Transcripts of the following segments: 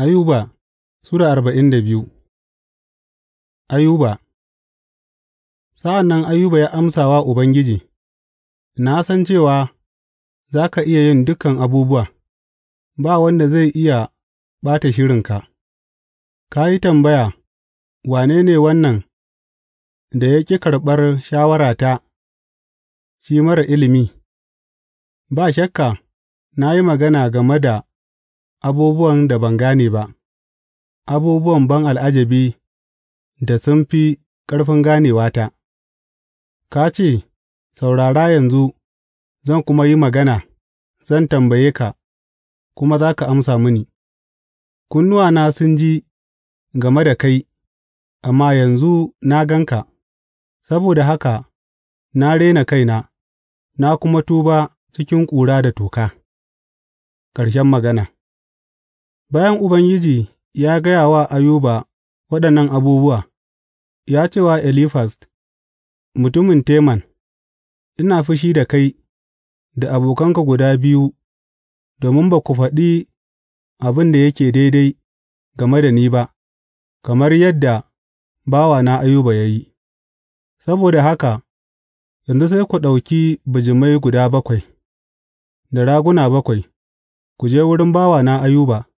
Ayuba Sura arba'in da biyu Ayuba Sa'an nan Ayuba ya amsa wa Ubangiji, Na san cewa za ka iya yin dukan abubuwa, ba wanda zai iya ɓata shirinka, ka yi tambaya, Wane ne wannan da ya ƙi karɓar shawarata, shi mara ilimi, ba shakka na yi magana game da abubuwan da ban gane ba, abubuwan ban al'ajabi da sun fi ƙarfin ganewata, ka ce, Saurara yanzu, zan kuma yi magana, zan tambaye ka, kuma za ka amsa mini, kunnuwana sun ji game da kai, amma yanzu na ganka. saboda haka na rena kaina, na kuma tuba cikin ƙura da toka. Ƙarshen magana. Bayan Ubangiji ya gaya wa Ayuba waɗannan abubuwa, ya ce wa Elifaz mutumin Teman, Ina fushi da kai da abokanka guda biyu domin ba ku faɗi abin da yake daidai game da ni ba, kamar yadda bawana Ayuba ya yi, saboda haka yanzu sai ku ɗauki bijimai guda bakwai, da raguna bakwai, ku je wurin bawana Ayuba.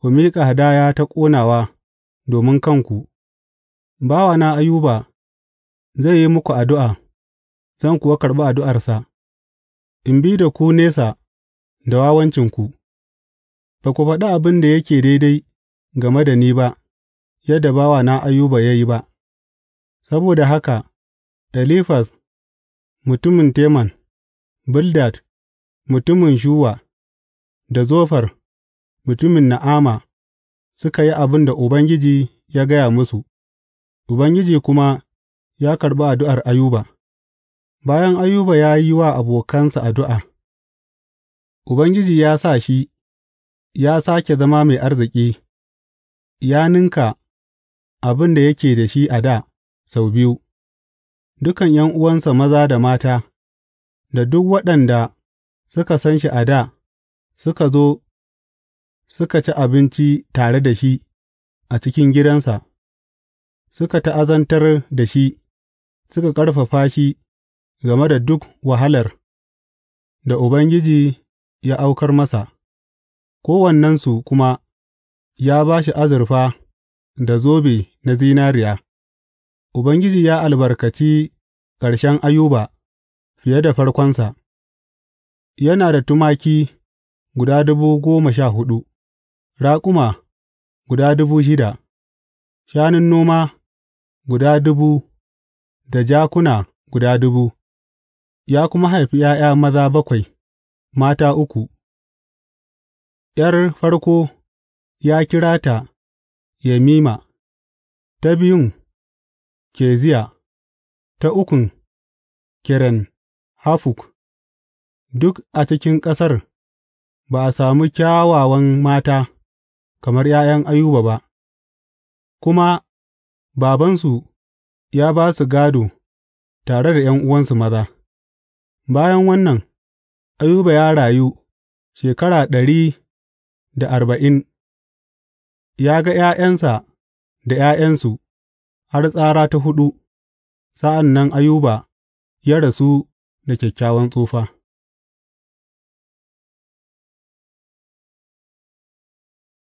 ku miƙa hadaya ta ƙonawa domin kanku, bawana Ayuba zai yi muku addu'a, zan kuwa karɓi addu'arsa, in bi da ku nesa da wawancinku, ba ku faɗi abin da yake daidai game da ni ba, yadda bawana Ayuba ya yi ba, saboda haka Elifaz mutumin Teman, Bildad mutumin Shuwa, da Zofar mutumin Na'ama suka yi abin da Ubangiji ya gaya musu, Ubangiji kuma ya karɓi addu'ar Ayuba Bayan Ayuba ya yi wa abokansa addu'a, Ubangiji ya sa shi ya sake zama mai arziki, ya ninka abin da yake da shi a da sau biyu, dukan ’yan'uwansa maza da mata, da duk waɗanda suka san shi a da suka zo suka ci abinci tare da shi a cikin gidansa, suka ta'azantar da shi, suka ƙarfafa shi game da duk wahalar da Ubangiji ya aukar masa, kowannensu kuma ya ba shi azurfa da zobe na zinariya, Ubangiji ya albarkaci ƙarshen Ayuba fiye da farkonsa, yana da tumaki guda dubu goma sha hudu. raƙuma guda dubu shida, shanun noma guda dubu da jakuna guda dubu, ya kuma haifi ’ya'ya maza bakwai, mata uku, ’yar farko ya kira ta Yemima, ta biyun Keziya, ta ukun Keren Hafuk, duk a cikin ƙasar ba a sami kyawawan mata. kamar ’ya'yan Ayuba ba, kuma babansu ya ba su gādo tare da uwansu maza, bayan wannan, Ayuba ya rayu shekara ɗari da arba'in, ya ga ’ya'yansa da ’ya'yansu har tsara ta huɗu, sa'an nan Ayuba ya rasu da kyakkyawan tsufa.